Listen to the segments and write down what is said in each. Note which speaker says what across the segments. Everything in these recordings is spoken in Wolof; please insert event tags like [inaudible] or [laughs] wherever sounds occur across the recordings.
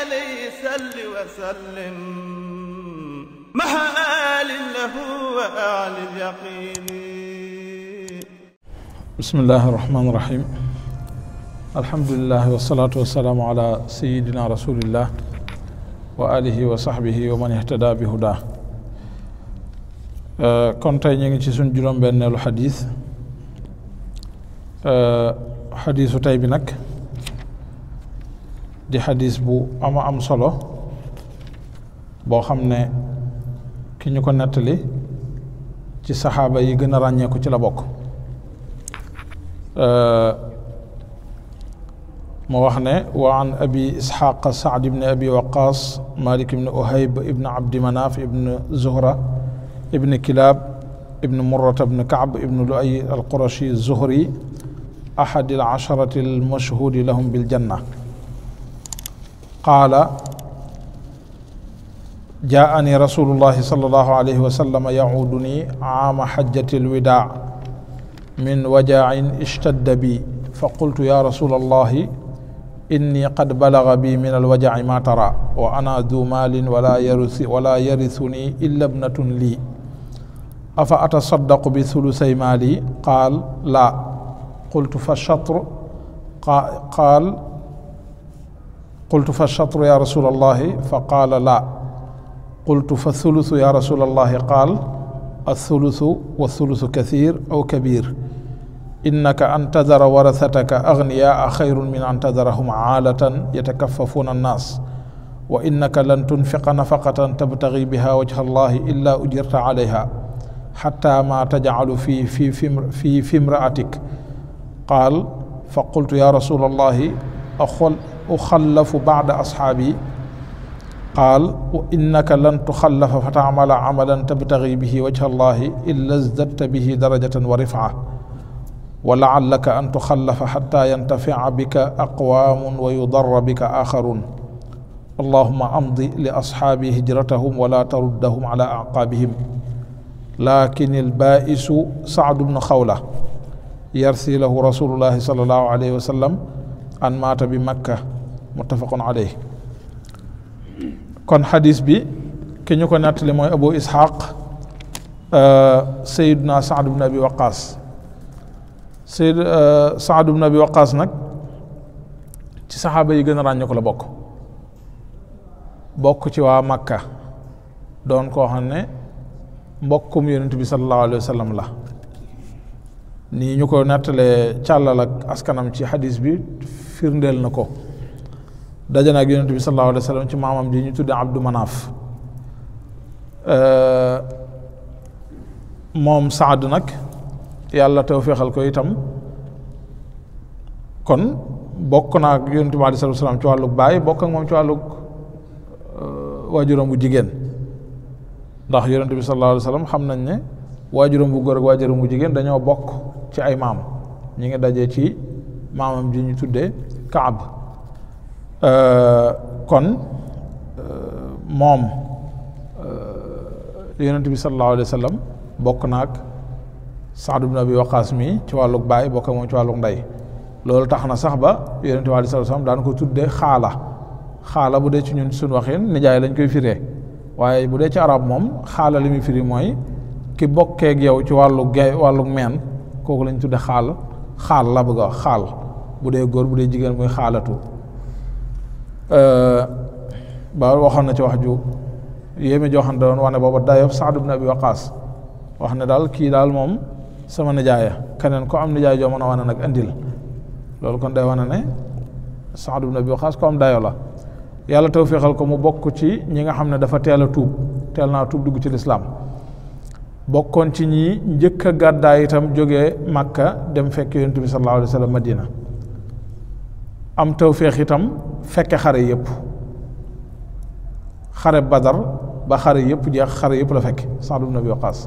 Speaker 1: عليه سل وسلم مع آل له وأعلى اليقين بسم الله الرحمن الرحيم الحمد لله والصلاة والسلام على سيدنا رسول الله وآله وصحبه ومن اهتدى بهداه آه، kon tey ñu ngi ci suñ juróom حديث xadis آه، xadisu tey di xadis bu ama am solo boo xam ne ki ñu ko nettali ci saxaaba yi gën a ràññeeku ci la bokk mu wax ne wa an abi isxaqa saad ibni abi waqas malik ibni uhayb ibni abdi manaf ibni zuhra ibni kilab ibni murrata ibni kaab ibni luay alqurashi zuhri ahad al asharati almashhudi lahum biljanna قال جاءني رسول الله صلى الله عليه وسلم يعودني عام حجة الوداع من وجع اشتد بي فقلت يا رسول الله إني قد بلغ بي من الوجع ما ترى وأنا ذو مال ولا يرث ولا يرثني إلا ابنة لي أفأتصدق بثلثي مالي قال لا قلت فالشطر قال قلت فالشطر يا رسول الله فقال لا قلت فالثلث يا رسول الله قال الثلث والثلث كثير أو كبير إنك أن تذر ورثتك أغنياء خير من أن تذرهم عالة يتكففون الناس وإنك لن تنفق نفقة تبتغي بها وجه الله إلا أجرت عليها حتى ما تجعل في في في في, في امرأتك قال فقلت يا رسول الله أخل أخلف بعد أصحابي قال وإنك لن تخلف فتعمل عملا تبتغي به وجه الله إلا ازددت به درجة ورفعة ولعلك أن تخلف حتى ينتفع بك أقوام ويضر بك آخرون اللهم أمض لأصحابي هجرتهم ولا تردهم على أعقابهم لكن البائس سعد بن خولة يرثي له رسول الله صلى الله عليه وسلم أن مات بمكة muttafaqun alayh kon xadis bi ki ñu ko nettali mooy abu isxaq sayiduna saad bne abi waqaas sayid saad bne abi waqaas nag ci saxaaba yi gën a ràññeeku la bokk bokk ci waa makka doon koo xam ne mbokkum yonent bi sallallahu alayhi la nii ñu ko nettalee càllal ak askanam ci xadis bi firndeel na ko daje na ak yonent bi sallallahu alayhi wa sallam ci maamam ji ñu tudde Abdu Manaaf euh, moom Saad nag yàlla tawféexal ko itam kon bokk naa ak yonent bi alayhi salaam ci wàllug baay bokk ak moom ci wàllug euh, waajuram bu jigéen ndax yonent bi sallallahu alayhi wa sallam xam nañ ne waajuram bu góor ak waajuram bu jigéen dañoo bokk ci ay maam ñi ngi daje ci maamam ji ñu tuddee Kaab Euh, kon euh, moom euh, yonent bi sallallahu alayhi wa sallam bokk naag Saad ibn Abi Waqaas mi ci wàllug baay bokk moom ci wàllug ndey loolu tax na sax ba yonent bi alayhi salaam daan ko tudde xaala xaala bu dee ci ñun suñu waxin nijaay koy firee waaye bu dee ci arab moom xaala li muy firi mooy ki bokkee yow ci wàllu gay wàllu meen kooku lañ tuddee xaal xaal la bëgg a xaal bu dee góor bu dee jigéen muy xaalatu Euh, ba waxoon na ci wax ju yéeme joo ne doon wax ne booba dayob Saad ibn Abi Waqaas wax ne daal kii daal moom sama nijaaya keneen ko am nijaay joo mën a wane nag indil loolu kon day wane ne Saad ibn Abi Waqaas ko am dayo la yàlla tawféexal ko mu bokk ci ñi nga xam ne dafa teel a tuub teel naa tuub dugg ci lislaam bokkoon ci ñi njëkk a gàddaay itam jóge Makka dem fekk yonent bi sallallahu alayhi wa sallam Madina am tawféex itam fekke xare yépp xare badar ba xare yëpp jeex xare yëpp la fekke Saad ibn Abi Waqaas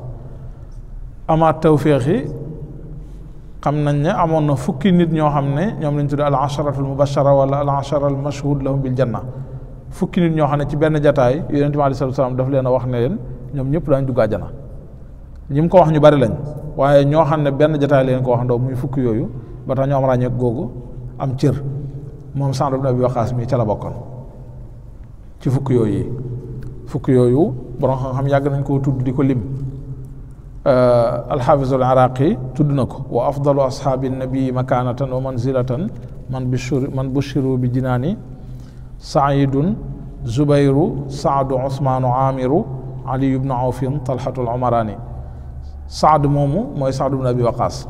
Speaker 1: amaat tawféex yi xam nañ ne amoon na fukki nit ñoo xam ne ñoom lañ tudd al asharatu al mubashara wala al ashara al mashhud lahum bil janna fukki nit ñoo xam ne ci benn jataay yonent bi aleyhi salaatu salaam daf leen a wax ne leen ñoom ñëpp daañ dugg àjjana ñi mu ko wax ñu bari lañ waaye ñoo xam ne benn jataay leen ko wax ndaw muy fukki yooyu ba ñoo ñu am ràññeek googu am cër moom Saad nabi Abi mi ca la bokkoon ci fukk yooyu yi fukk yooyu borom xam-xam yàgg nañ koo tudd di ko lim alxafizu al araqi tudd na ko wa afdalu ashaabi nabi makanatan wa manzilatan man bishur man bushiru bi jinaani saidun zubayru saadu usmaanu aamiru aliyu bnu awfin talxatu al-umaraani saad moomu mooy Saad ibn Abi Waqaas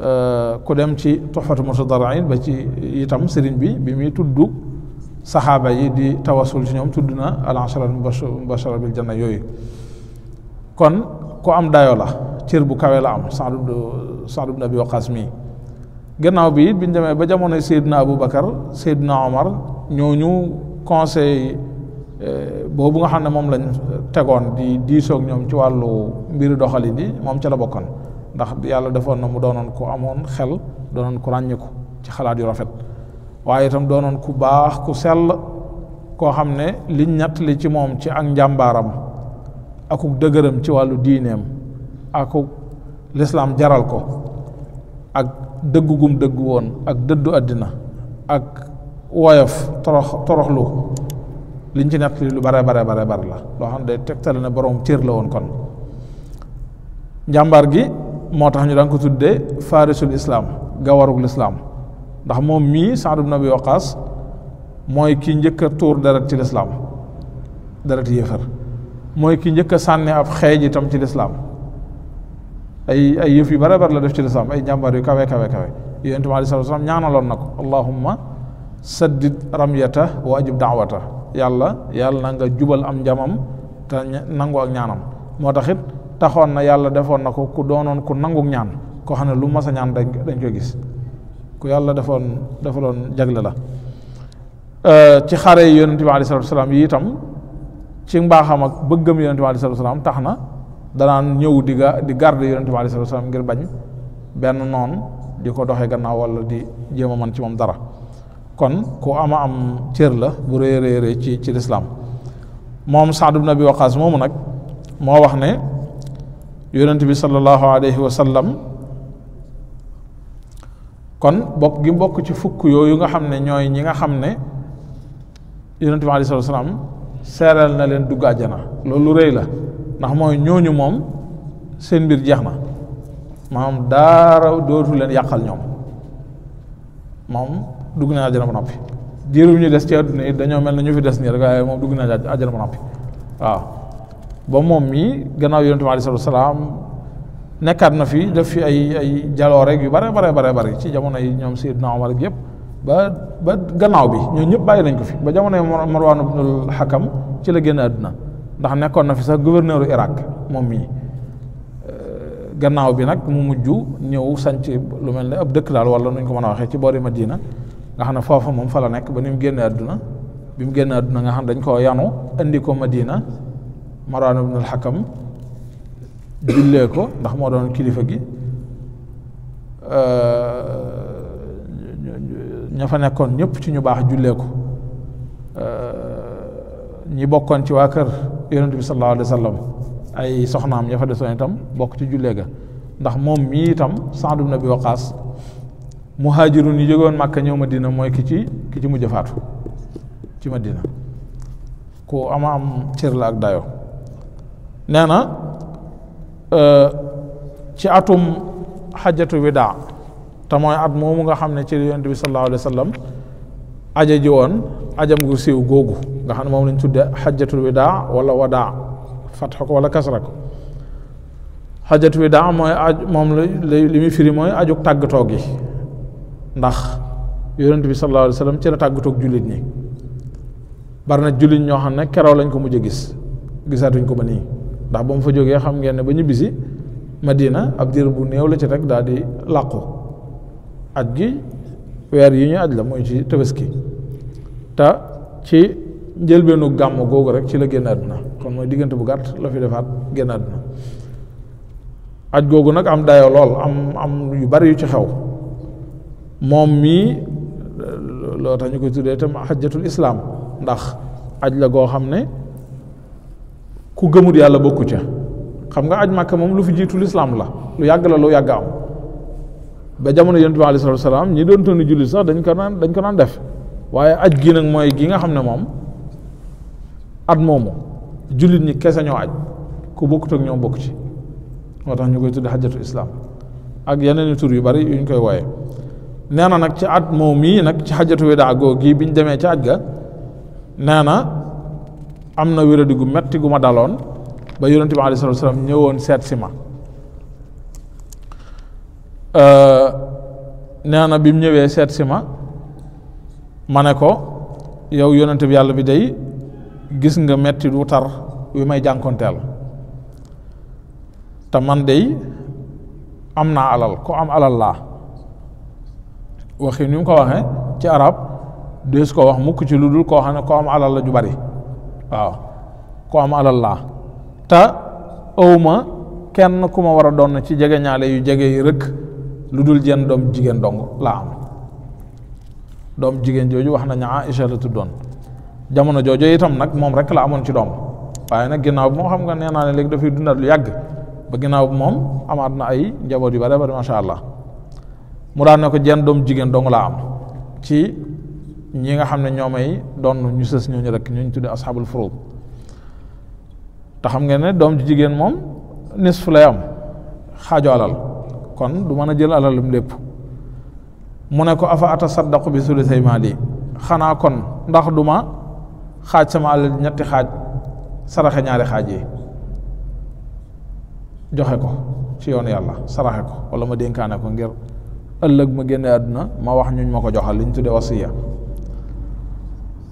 Speaker 1: Euh, ku dem ci toxfatu mutadarain ba ci itam sëriñ bi bi muy tudd saxaaba yi di tawasul ci ñoom tudd na al ashara mubashara bil janna yooyu kon ku am dayo la cër bu kawee la am Saad Saad na Abi Waqaas mii gannaaw bi it biñ demee ba jamono Seydina Aboubacar Seydina Omar ñooñu conseil euh, boobu nga xam ne moom lañ tegoon di diisoog ñoom ci wàllu mbiru doxalin yi moom ci la bokkoon ndax yàlla defoon na mu doonoon ku amoon xel doonoon ku ràññiku ci xalaat yu rafet waaye itam doonoon ku baax ku sell koo xam ne liñ ñett li ci moom ci ak njàmbaaram akuk dëgëram ci wàllu diineem akuk lislaam jaral ko ak dëggu gum woon ak dëddu àddina ak woyof torox toroxlu liñ ci nett lu bare bare bare bare la loo xam ne day tegtale ne boroom cër la woon kon njàmbaar gi moo tax ñu daan ko tuddee farisul islam gawarug lislaam ndax moom mii Saad ibn Abi Waqaas mooy ki njëkk a tuur deret ci lislaam deret yéefar mooy ki njëkk a sànni ab xeej itam ci lislaam ay ay yëf yu bare bare la def ci lislaam ay jàmbaar yu kawe kawe kawe yonent bi aleyhi salaam ñaanaloon na ko allahumma saddid ramyata wa ajib daawata yàlla yàlla na nga jubal am njamam te nangu ak ñaanam moo taxit taxoon na yàlla defoon na ko ku doonoon ku nangu ñaan koo xam ne lu mas a ñaan dañ dañ koy gis ku yàlla defoon defaloon jagle la euh, ci xare yi yonent bi aleyhi salaatu salaam yi itam ci mbaaxam ak bëggam yonent bi aleyhi salaatu wasalaam tax na danaan ñëw di ga di garde yonent bi aleyhi salaatu wasalaam ngir bañ benn noon di ko doxe gannaaw walla di jéem a ci moom dara kon ku ama am cër la bu réy réy réy ci ci lislaam moom Saad ibn Abi Waqaas moomu nag moo wax ne yonent bi sallallahu alayhi wa sallam kon bokk gi bokk ci fukk yooyu nga xam ne ñooy ñi nga xam ne yonent bi alayhi salaam seeral na leen dugg àjjana loolu rëy la ndax mooy ñooñu moom seen mbir jeex na maanaam daara dootu leen yàqal ñoom moom dugg na àjjana ba noppi diiru ñu des ci àdduna it dañoo mel na ñu fi des nii rek waaye moom dugg na àjjana ba noppi waaw ba moom mii gannaaw yonent bi aleyhi salaam nekkaat na fi def fi ay ay jaloo rek yu bare bare bare bare ci jamono yi ñoom Seydina Omar ak yëpp ba ba gannaaw bi ñoo ñëpp bàyyi nañ ko fi ba jamono yi Marwaan ibnul Hakam ci la génn àdduna ndax nekkoon na fi sax gouverneur Irak moom mii euh, gannaaw bi nag mu mujj ñëw sanc lu mel ne ab dëkk daal wala nuñ ko mën a waxee ci ma Madina nga xam ne foofa moom fa la nekk ba ni mu génnee àdduna bi mu génnee àdduna nga xam dañ koo yanu indi ko Madina marwan ibn al xakam jullee ko ndax moo doon kilifa gi ña fa nekkoon ñëpp ci ñu baax jullee ko ñi bokkoon ci waa kër yonente bi sallallahu alayhi wa sallam ay soxnaam ña fa desoon itam bokk ci jullee ga ndax moom mii itam Saad ibn Abi Waqaas muhaajirun yi jógoon Màkka ñëw Madina mooy ki ci ki ci mujj faatu ci Madina ku ama am cër la ak dayo nee na euh, ci atum xajatu widaa te mooy at moomu nga xam ne ci yonent bi sallallahu alayhi wa ji woon ajam gu siiw googu nga xam ne moom lañ tudde xajjatul widaa wala wadaa fatxa ko wala kasra ko xajjatul widaa mooy aj moom li muy firi mooy ajuk tàggatoo gi ndax yonent bi sallallahu alayhi wa sallam ci la jullit ñi bari na jullit ñoo xam ne keroo lañ ko mujj a gis gisaatuñ ko ba nii ndax bam fa joge xam ngeen ne ba madina abdir bu neew la ci rek daal di làqu aj gi wer yi ñu aj la moy ci tabaski ta ci benu gam rek ci la génn kon moy digënté bu gatt la fi defaat génn àdduna aj am dayo lol am am yu bari yu ci xew mom mi lo tañu ko koy tam hajjatul islam ndax aj la go xamné ku gëmut yàlla bokku ca xam nga aj màkka moom lu fi jiitu lislaam la lu yàgg la lu yàgg am ba jamono yonent bi aleyhi salaam ñi doon tonni julli sax dañ ko naan dañ ko naan def waaye aj gi nag mooy gi nga xam ne moom at moomu jullit ñi kese ñoo aj ku bokkut ak ñoom bokk ci moo tax ñu koy tudde xajjatu islaam ak yeneen i tur yu bari yuñ koy wooye nee na nag ci at moom mii nag ci xajjatu weda gi bi ñu demee ci aj ga nee am na wéradi gu metti gu ma daloon ba yaronte bi alayhi salatu ñewoon set sima euh neena na bi mu ñewé set sima mané ko yow yaronte bi yalla bi day gis nga metti du tar wi may jankontel ta man day am alal ko am alal la waxi ñu ko waxe ci arab des ko wax mukk ci luddul ko xana ko am alal la ju bari waaw ko am alal laa te awma kenn ku ma war a doon ci jege yu jege yi rëkk lu dul jenn dong laa am doom jigéen jooju wax nañu Aïcha la tuddoon jamono jojo itam nag moom rek la amoon ci doom waaye nag ginnaaw bi moom xam nga nee naa ne léegi dafay lu yàgg ba ginnaaw bi moom amaat na ay njaboot yu bare bari macha allah mu daan ne ko jenn doom dong laa am ci ñi nga ñomay don ñu may ñoo ñu rek ñu tuddee ashabul furud ta xam ngeen ne dom ju jigen mom nisf la yam xajo alal kon du mën a jël alalam lépp mu ne ko afa atasaddaq bi sulisay mali xana kon ndax duma xaj sama alal ñetti xaj saraxé ñaari xajé joxé ko ci yoon yalla saraxé ko wala ma denkané ko ngir ëllëg ma génne aduna ma wax ñuñ mako joxal liñ wasiya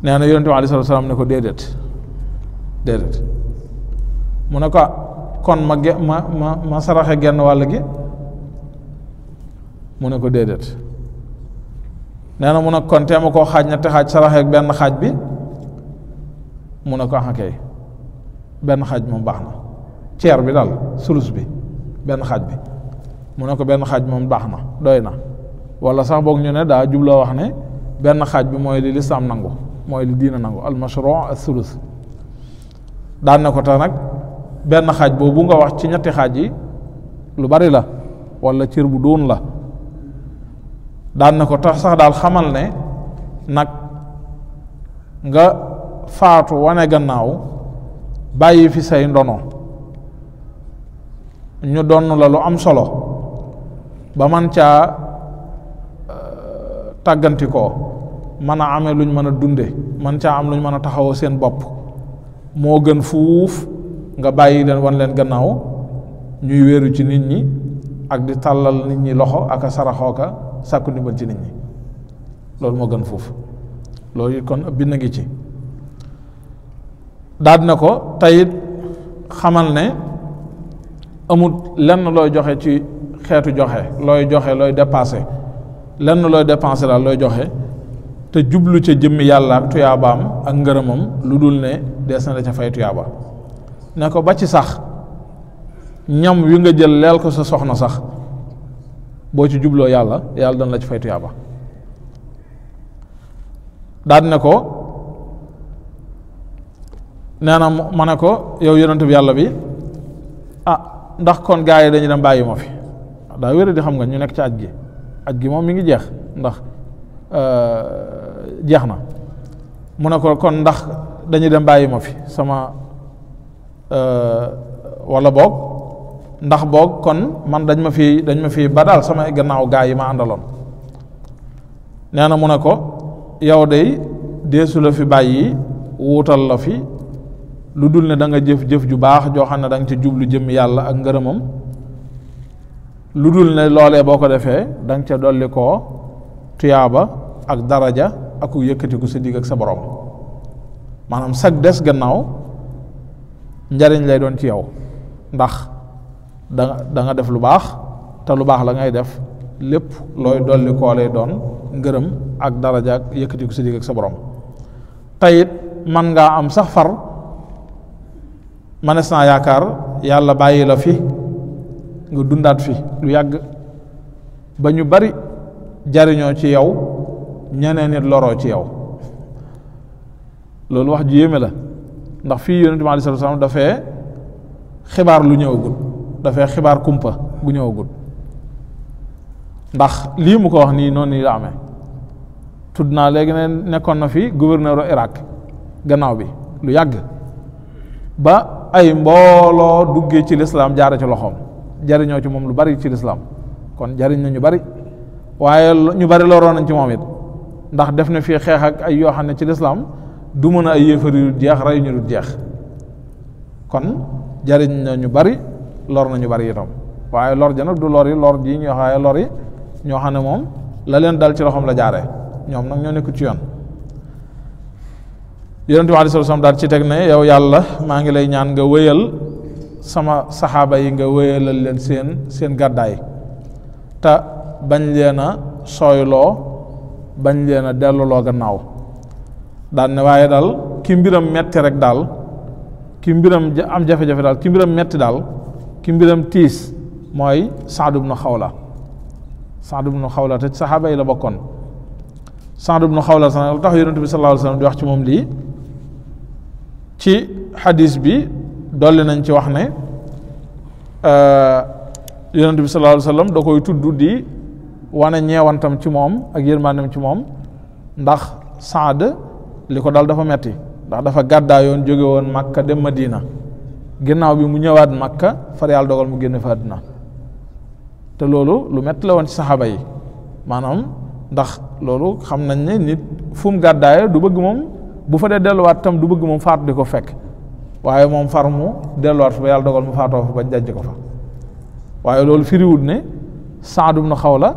Speaker 1: nee na yonente bi aleyhi salaatu salaam ne ko déedéet déedéet mu ne ko kon ma ge ma ma ma genn wàll gi mu ne ko déedéet nee na mu ne kon teema koo xaaj ñetti xaaj saraxe benn xaaj bi mu ne ko ah kay benn xaaj moom baax na ceer bi daal sulus bi benn xaaj bi mu ne ko benn xaaj moom baax na doy na wala sax boog ñu ne daa jubloo wax ne benn xaaj bi mooy li lislaam nangu mooy lu diina nangu al mashru' as sulus daan na ko tax nag benn xaaj boobu nga wax ci ñetti xaaj yi lu bari la walla cër bu doon la daan na ko tax sax daal xamal ne nag nga faatu wane gannaaw bàyyi fi say ndono ñu donn la lu am solo ba man caa euh, tàggantikoo mën a amee lu luñ mën a dunde man caa am lu luñ mën a taxawoo seen bopp moo gën fuuf nga bàyyi leen wan leen gannaaw ñuy wéeru ci nit ñi ak di tàllal nit ñi loxo ak a saraxoo ka sàkku ndimbal ci nit ñi loolu moo gën fuuf loolu kon bind ngi ci daal na ko tayit xamal ne amut lenn looy joxe ci xeetu joxe looy joxe looy dépassé lenn looy dépensé daal looy joxe te jublu ca jëmm yàlla ak tuyaabaam ak ngërëmam lu dul ne des na la ca fay tuyaaba ne ko ba ci sax ñam wi nga jël leel ko sa soxna sax boo ci jubloo yàlla yàlla dana la ci fay tuyaaba daan ne ko nee na ma ne ko yow yonent yàlla bi ah ndax kon gaa yi dañu dem mbàyyi ma fi daa wéra xam nga ñu nekk ci aj gi aj gi moom mi ngi jeex ndax euh, jahna na mu ne ko kon ndax dañu dem bàyyi ma fi sama euh, wala boog ndax boog kon man dañ ma fi dañ ma fi badal sama gannaaw gaa yi ma àndaloon nee na mu ne ko yow day deesu la fi bàyyi wutal la fi lu dul ne da nga jëf-jëf ju baax joo xam ne da nga ci jublu jëm yàlla ak ngërëmam lu dul ne loolee boo ko defee da nga ca dolli koo ak daraja aku ko sa dig ak sa borom manam sak dess gannaaw njariñ lay doon ci yow ndax da nga def lu baax te lu baax la ngay def lepp loy dolli ko lay doon ngeureum ak daraja ak ko sa dig ak sa borom tayit man nga am sax far manes na yaakar yalla bàyyi la fi nga dundat fi lu bañu bari jariño ci yow ñeneen nit loroo ci yow loolu wax ji yéeme la ndax fii yonent bi aleyhi salaam dafee xibaar lu ñëwagul dafay xibaar kumpa gu ñëwagul ndax lii mu ko wax nii noonu nii la amee tudd naa léegi ne nekkoon na fi gouverneur Irak gannaaw bi lu yàgg ba ay mbooloo duggee ci lislaam jaare ci loxoom jariñoo ci moom lu bari ci lislaam kon jariñ na ñu bari waaye ñu bari loroon nañ ci moom it ndax def na fii xeex ak ay yoo xam ne ci lislaam du mën a ay yéefar yu jeex rey ñu dul jeex kon jariñ na ñu bari lor na ñu bari itam waaye lor ja du lor yi lor ji ñuy wax waaye yi ñoo xam ne moom la leen dal ci loxoom la jaare ñoom nag ñoo nekk ci yoon yonent bi aleyhi salaam daal ci teg ne yow yàlla maa ngi lay ñaan nga wéyal sama saxaaba yi nga wéyalal leen seen seen gàddaay te bañ leen a loo bañ leen a delluloo gannaaw daan ne waaye daal ki mbiram metti rek daal ki mbiram am jafe-jafe daal ki mbiram metti daal ki mbiram tiis mooy saadu bnu xawla saadu bnu xawla te saxaaba yi la bokkoon saadu bnu xawla sa tax yonente bi di wax ci moom lii ci xadis bi dolli nañ ci wax ne euh, yonente bi sallallahu alayhi sallam da koy tudd di wane ñeewantam ci moom ak yërmaandem ci moom ndax Saad li ko dal dafa metti ndax dafa gàddaayoon jóge woon Makka dem Madina ginnaaw bi mu ñëwaat Makka far yàlla dogal mu génn fa na te loolu lu metti la woon ci saxaaba yi maanaam ndax loolu xam nañ ne nit fu mu gàddaaye du bëgg moom bu fa dee delluwaat tam du bëgg moom faatu di ko fekk waaye moom far mu delluwaat fu ba yàlla dogal mu faatoo fa ba jajj ko fa waaye loolu firiwut ne Saad ibn Xawla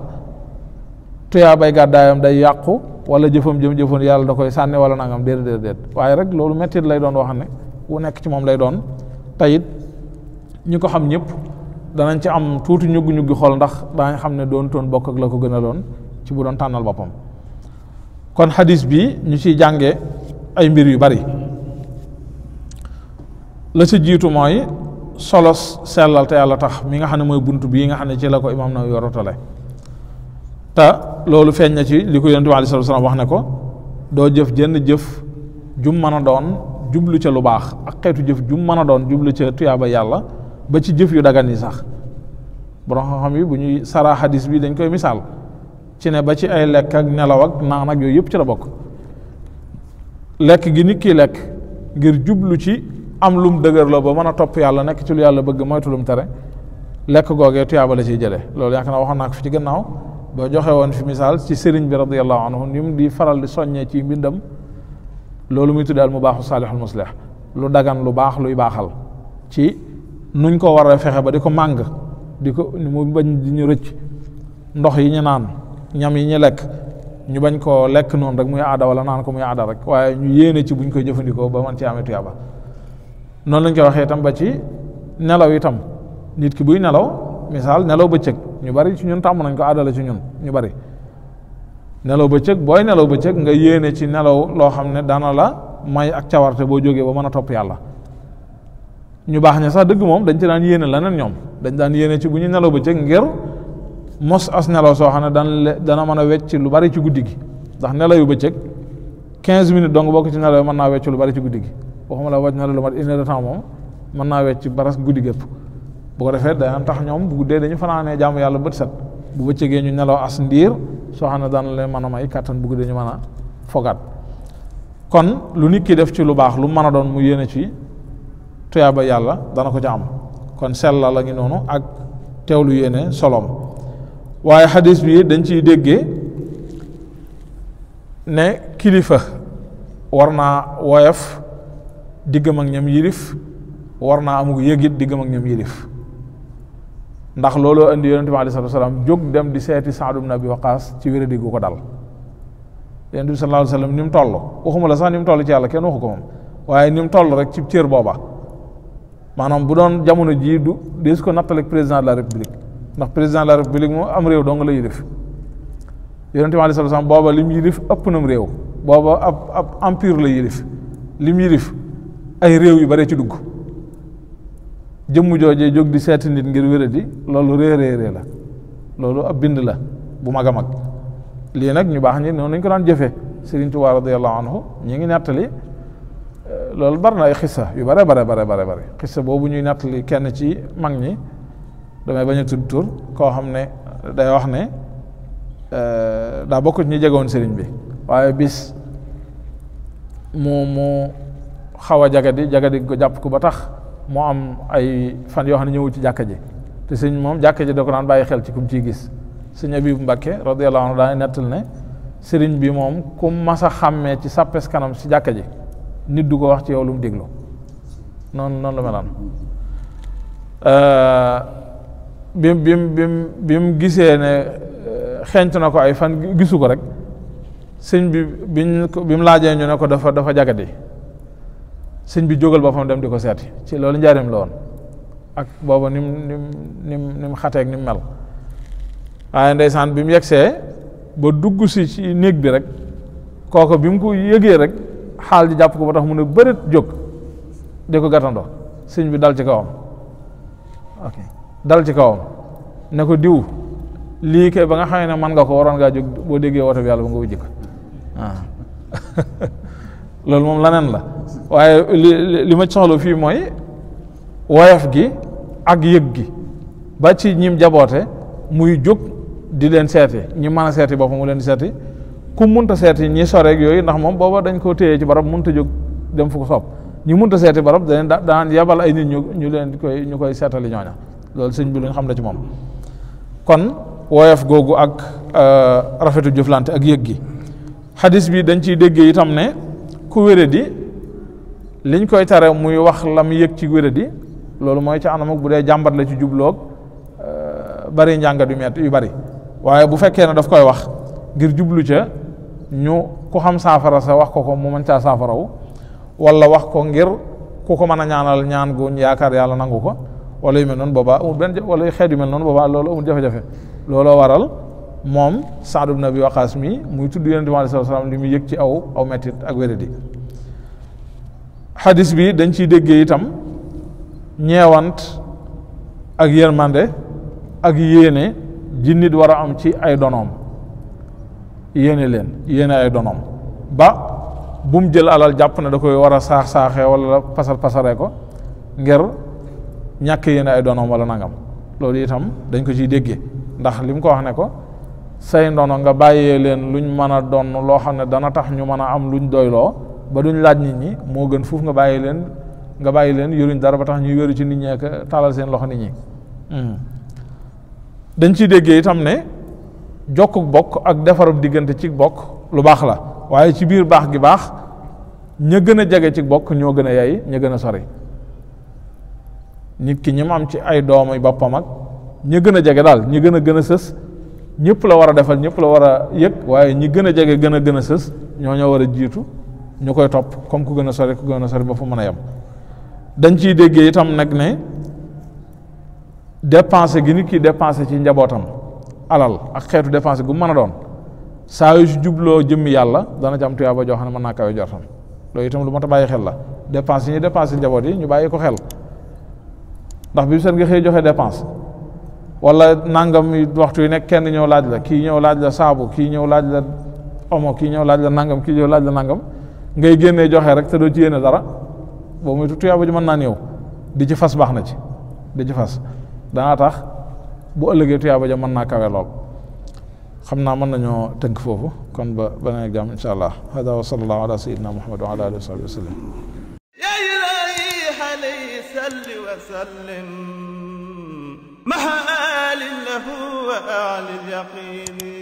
Speaker 1: tuyaabay gàddaayam day yàqu wala jëfam jëm jëfoon yàlla da koy sànni wala nangam déet déet déet waaye rek loolu mettit lay doon wax ne ku nekk ci moom lay doon tayit ñi ko xam ñëpp danañ ci am tuuti ñugg ñuggi xool ndax danañ xam ne doon toon bokk ak la ko gën a loon ci bu doon tànnal boppam kon xadis bi ñu ciy jànge ay mbir yu bari la ci jiitu mooy solos sellal te yàlla tax mi nga xam ne mooy bunt bii nga xam ne ci la ko imaam Nawawi rotale ta loolu feeñ na ci li ko yonent bi alei satu wax ne ko doo jëf jënn jëf jum mën a doon jublu ca lu baax ak xeetu jëf jum mën a doon jublu ca tuyaaba yàlla ba ci jëf yu dagan yi sax borom xam-xam yi bu ñuy sara hadis bi dañ koy misaal ci ne ba ci ay lekk ak nelaw ak naan ak yooyu yëpp ci la bokk lekk gi nit ki lekk ngir jublu ci am lum dëgër la ba mën a topp yàlla nekk ci lu yàlla bëgg moytu lum tere lekk googee tuyaaba la ciy jëlee loolu yaakaar naa waxoon naa ko fi ci gannaaw ba joxe won fi misal ci serigne bi radiyallahu anhu nim di faral di soñe ci mbindam lolou muy tudal mubahu salihul muslih lu dagan lu bax luy baxal ci nuñ ko wara fexé ba di ko diko di ko mu bañ di ñu recc ndox yi ñu naan ñam yi ñu lek ñu bañ ko lek non rek muy aada wala naan ko muy aada rek waye ñu yéene ci buñ ko jëfëndiko ba man ci amé tuyaaba non lañ ko waxé tam ba ci nelaw itam nit ki buy nelaw misal nelaw beccëk ñu bari ci ñun tàmm nañ ko aadala ci ñun ñu bari nelaw ba bëccëg booy nelaw ba bëccëg nga yéene ci nelaw loo xam ne dana la may ak cawarte boo jógee ba mën a topp yàlla ñu baax ña sax dëgg moom dañ ci daan yéene leneen ñoom dañ daan yéene ci bu ñu nelaw bëccëg ngir mos as nelaw soo xam ne dana dana mën a wecc lu bari ci guddi gi ndax nelaw yu bëccëg 15 minutes donc boo ko ci nelaw mën naa wecc lu bari ci guddi gi waxuma la waj nelaw lu mat une heure de temps moom mën naa wecc baras guddi gépp bu ko defee dana tax ñoom bu guddee dañu fanaanee jaamu yàlla bët set bu bëccëgee ñu nelaw as ndiir soo xam ne mën a may kàttan bu guddee ñu mën a fogaat kon lu nit ki def ci lu baax lu mën a doon mu yéene ci tuyaaba yàlla dana ko kon sellal la ngi noonu ak teewlu yéene solom waaye xadis bi dañ ciy déggee ne kilifa war naa woyof diggam ak ñam yilif war naa amug yëgit diggam ak ñam yilif ndax looloo andi yonente bi alei salatu wasalaam jog dem di seeti saad ibn abi waqas ci wéradi gu ko dal yonente bi sallallahu alayhi wasallam nim tollu waxuma la sax nim tollu ci yàlla kenn waxu ko moom waaye ni mu rek ci cër booba maanaam bu doon jamono ji du des ko nattaleeg président de la république ndax président de la république moom am réew dong la def yonente bi alei salatu wasalaam booba lim yi def ëpp nam réew booba ab ab empire la def lim yi def ay réew yu bare ci dugg jëmm joojee jóg di seeti nit ngir wéradi loolu réeréeree la loolu ab bind la bu mag a mag lii nag ñu baax ñi noonu ñu ko daan jëfee Sëriñ Tuubaa radiyallahu anhu ñi ngi nettali euh, loolu bari na ay xissa yu bare bare bare bare bare xissa boobu ñuy nettali kenn ci mag ñi damay bañ a tudd tur koo xam ne day wax ne euh, daa bokk ci ñi jegoon sëriñ bi waaye bis mu mu xaw a jagadi jagadi ko jàpp ko ba tax moo am ay fan yoo xam ne ñëwul ci jàkka ji te sëñ moom jàkka ji da ko daan bàyyi xel ci kum ciy gis sëñ Abibu Mbàkke radiyallahu a daay nettal ne sëriñ bi moom ku mas a xàmmee ci sàppes kanam si jàkka ji nit du ko wax ci yow lu mu déglu noonu noonu la meloon bi mu bi mu bi mu gisee ne xeeñtu na ko ay fan gisu ko rek sëñ bi biñ bi mu laajee ñu ne ko dafa dafa jagadi sëñ bi jógal boppam dem di ko seeti ci loolu njaarim la woon ak booba nim nim nim nim xateeg nim mel waaye ndeysaan bi mu yegsee ba dugg si ci néeg bi rek kooko bi mu ko yëgee rek xaal ji jàpp ko ba tax mu ne bëreet jóg di ko gàttandoo sëñ bi dal ci kawam ok dal ci kawam ne ko diw lii kay ba nga xamee ne man nga ko waroon ngaa jóg boo déggee woote bi yàlla ba nga wujji ko [laughs] loolu moom leneen la waaye li li ma soxla fii mooy woyof gi ak yëg gi ba ci ñim jaboote muy jóg di leen seeti ñi mën a seeti boppam mu leen di seeti ku munta seeti ñi soreeg yooyu ndax moom booba dañ koo téye ci barab munta jóg dem fu ko soob ñi munta seeti barab dañ daan yabal ay nit ñu ñu leen koy ñu koy seetali ñooña loolu sëñ bi lu ñu xam ne ci moom kon woyof googu ak euh, rafetu jëflante ak yëg gi xadis bi dañ ciy déggee itam ne ku wéradi liñ koy tare muy wax lam yëg ci wéradi loolu mooy ca anam bu dee jàmbat la ci jubloog euh, bari njàngat yu metti yu bari waaye bu fekkee ne daf koy wax ngir jublu ca ñu ku xam saafara sa wax ko ko mu mën caa saafarawu wala wax ko ngir ku ko mën a ñaanal ñaan gu yaakaar yàlla nangu ko wala yu mel noonu boobaa amul benn wala xeet yu mel noonu boobaa loolu amul jafe-jafe looloo waral moom Saad na bi Waqaas mi muy tudd Yonent bi alayhi salaam li muy yëg ci aw aw mettit ak wéradi xadis bi dañ ciy déggee itam ñeewant ak yërmande ak yéene ji war a am ci ay donoom yéene leen yéene ay donoom ba bu mu jël alal jàpp na da koy war a saax-saaxee wala pasar pasare ko ngir ñàkk yéene ay donoom wala nangam loolu itam dañ ko ciy déggee ndax li mu ko wax ne ko say ndono nga bàyyee leen luñ mën a donn loo xam ne dana tax ñu mën a am luñ doyloo ba duñ laaj nit ñi moo gën fuuf nga bàyyi leen nga bàyyi leen yoruñ dara ba tax ñuy wéru ci nit ñi ak taalal seen loxo nit ñi hmm. dañ ciy déggee itam ne jokkuk bok ak defarub diggante ci bok lu baax la waaye ci biir baax gi baax ña gën a jege ci bokk ñoo gën a yay ña gën a sori nit ki ñi mu am ci ay doomu boppam ak ña gën a jege daal ñi gën a gën a ñëpp la war a defal ñëpp la war a yëg waaye ñi gën a jege gën a gën a sës ñoo ñoo war a jiitu ñu koy topp comme ku gën a sori ku gën a sori ba fu mën a yem dañ ciy déggee itam nag ne dépensé gi nit kii dépensé ci njabootam alal ak xeetu dépensé gu mën a doon saa yu si jubloo jëmmi yàlla dana ci am tuyaaba joo xam ne mën naa kawe jortam loolu itam lu mat a bàyyi xel la dépense yi ñuy dépensé njaboot yi ñu bàyyi ko xel ndax bi seen nga xëy joxe dépense wala nangam waxtu yi nekk kenn ñëw laaj la kii ñëw laaj la saabu kii ñëw laaj la omo kii ñëw laaj la nangam kii ñëw laaj la nangam ngay génnee joxe rek te doo ci yéene dara boo muy tuyaaba ji mën naa néew di ci fas baax na ci di ci fas danaa tax bu ëllëgee tuyaaba ja mën naa kawe lool xam naa mën nañoo tënk foofu kon ba beneen ak jàmm insha allah hada wa sallallahu ala sayyidina muhammad wa ala alihi wa sahbihi wa ما آل له وأعلى اليقين